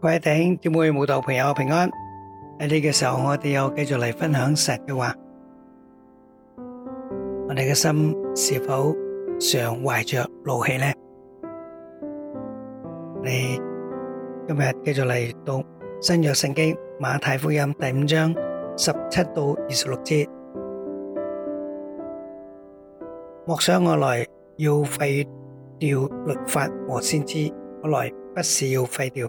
各位弟兄姊妹慕道朋友平安。喺呢個時候，我哋又繼續嚟分享神嘅話。我哋嘅心是否常懷着怒氣呢？我哋今日繼續嚟讀新約聖經馬太福音第五章十七到二十六節。莫想我來要廢掉律法和先知，我來不是要廢掉。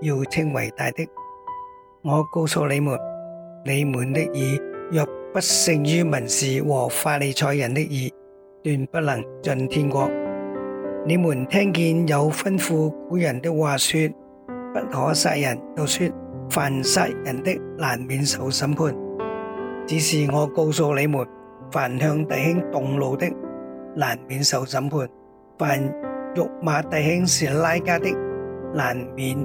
要稱為大的，我告訴你們，你們的義若不勝於文士和法利賽人的義，斷不能進天國。你們聽見有吩咐古人的話說，不可殺人，就說，凡殺人的難免受審判。只是我告訴你們，凡向弟兄動怒的，難免受審判；凡辱罵弟兄是拉加的，難免。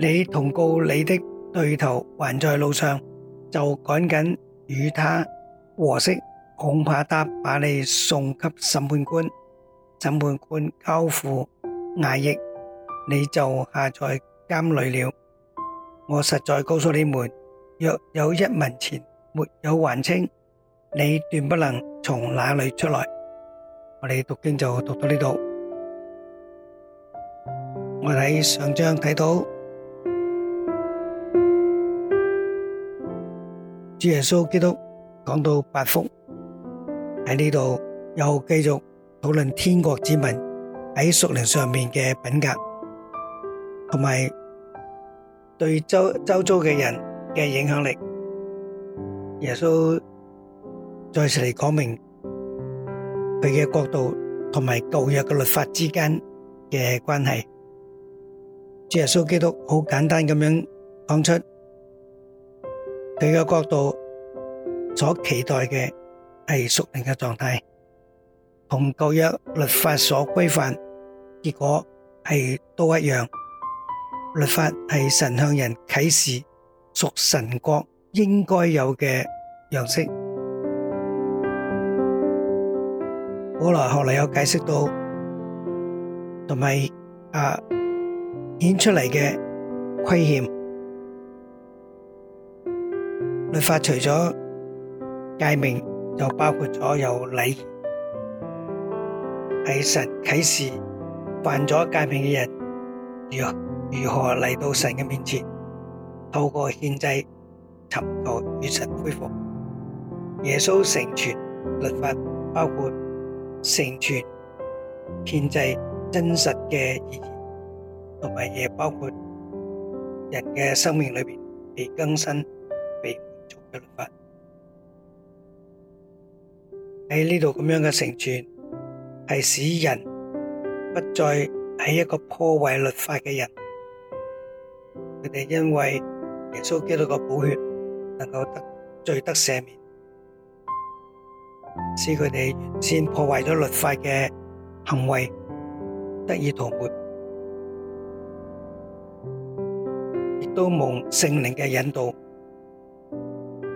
你同告你的對頭還在路上，就趕緊與他和息，恐怕他把你送給審判官，審判官交付衙役，你就下在監裏了。我實在告訴你們，若有一文錢沒有還清，你斷不能從那裏出來。我哋讀經就讀到呢度，我喺上章睇到。主耶穌基督講到八福，喺呢度又繼續討論天國之民喺屬靈上面嘅品格，同埋對周周遭嘅人嘅影響力。耶穌再次嚟講明佢嘅國度同埋舊約嘅律法之間嘅關係。主耶穌基督好簡單咁樣講出。佢嘅角度所期待嘅係屬靈嘅狀態，同舊約律法所規範結果係都一樣。律法係神向人啟示屬神國應該有嘅樣式。好耐後嚟有解釋到，同埋啊顯出嚟嘅虧欠。律法除咗誡命，就包括咗有禮儀、係神啟示，犯咗誡命嘅人如何如何嚟到神嘅面前，透過獻祭尋求與神恢復。耶穌成全律法，包括成全獻祭真實嘅意義，同埋也包括人嘅生命裏面被更新。的律法喺呢度咁樣嘅成全，係使人不再係一個破壞律法嘅人。佢哋因為耶穌基督嘅寶血，能夠得罪得赦免，使佢哋先破壞咗律法嘅行為得以塗抹，亦都蒙聖靈嘅引導。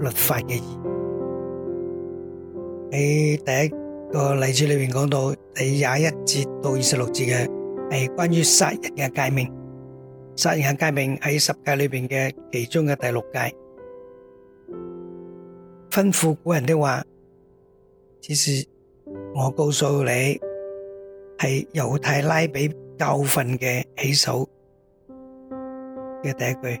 律法嘅義，喺第一個例子裏邊講到第廿一節到二十六節嘅係關於殺人嘅誡命，殺人嘅誡命喺十誡裏邊嘅其中嘅第六誡，吩咐古人的話，只是我告訴你，係猶太拉比教訓嘅起首嘅第一句。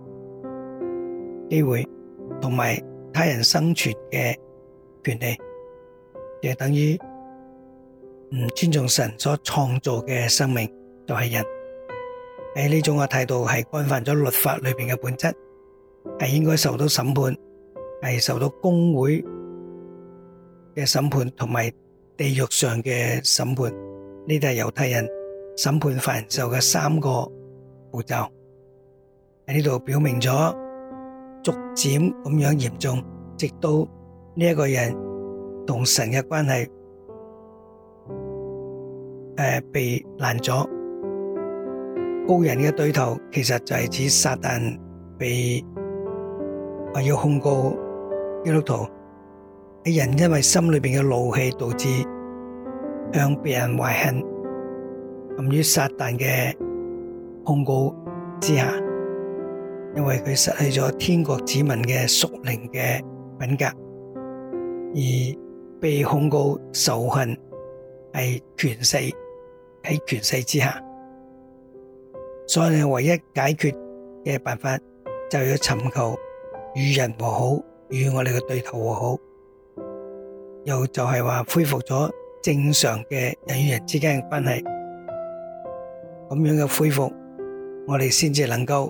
機會同埋他人生存嘅權利，就等於唔尊重神所創造嘅生命，就係人喺呢種嘅態度係干犯咗律法裏邊嘅本質，係應該受到審判，係受到公會嘅審判同埋地獄上嘅審判，呢啲係猶太人審判犯人受嘅三個步驟喺呢度表明咗。逐漸咁樣嚴重，直到呢一個人同神嘅關係誒被攔咗，個人嘅對頭其實就係指撒旦被話要控告基督徒，啲人因為心裏面嘅怒氣導致向別人懷恨，陷於撒旦嘅控告之下。因為佢失去咗天國子民嘅屬靈嘅品格，而被控告仇恨係權勢，喺權勢之下，所以唯一解決嘅辦法就要尋求與人和好，與我哋嘅對頭和好，又就係話恢復咗正常嘅人與人之間嘅關係，咁樣嘅恢復，我哋先至能夠。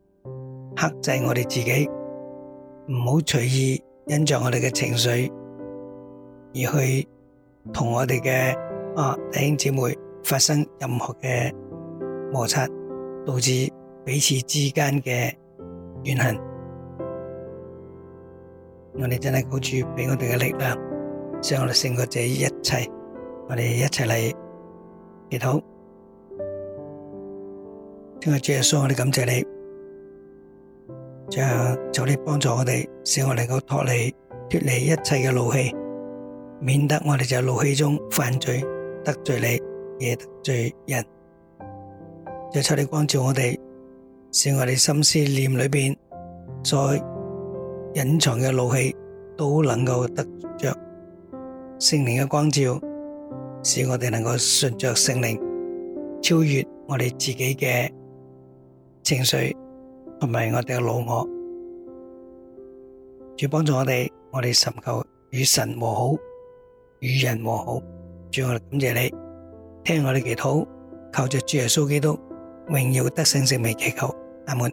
克制我哋自己，唔好隨意因着我哋嘅情緒，而去同我哋嘅啊弟兄姊妹發生任何嘅摩擦，導致彼此之間嘅怨恨。我哋真係靠主俾我哋嘅力量，將我哋勝過這一切。我哋一齊嚟祈禱，聽下主耶穌，我哋感謝你。最後，早啲幫助我哋，使我能夠脫離脫離一切嘅怒氣，免得我哋就喺怒氣中犯罪得罪你，也得罪人。求你光照我哋，使我哋心思念裏邊再隱藏嘅怒氣都能夠得着聖靈嘅光照，使我哋能夠順着聖靈，超越我哋自己嘅情緒。同埋我哋嘅老我，主幫助我哋，我哋尋求與神和好，與人和好。主，我哋感謝你，聽我哋祈禱，求着主耶穌基督，榮耀得勝，成為祈求。阿門。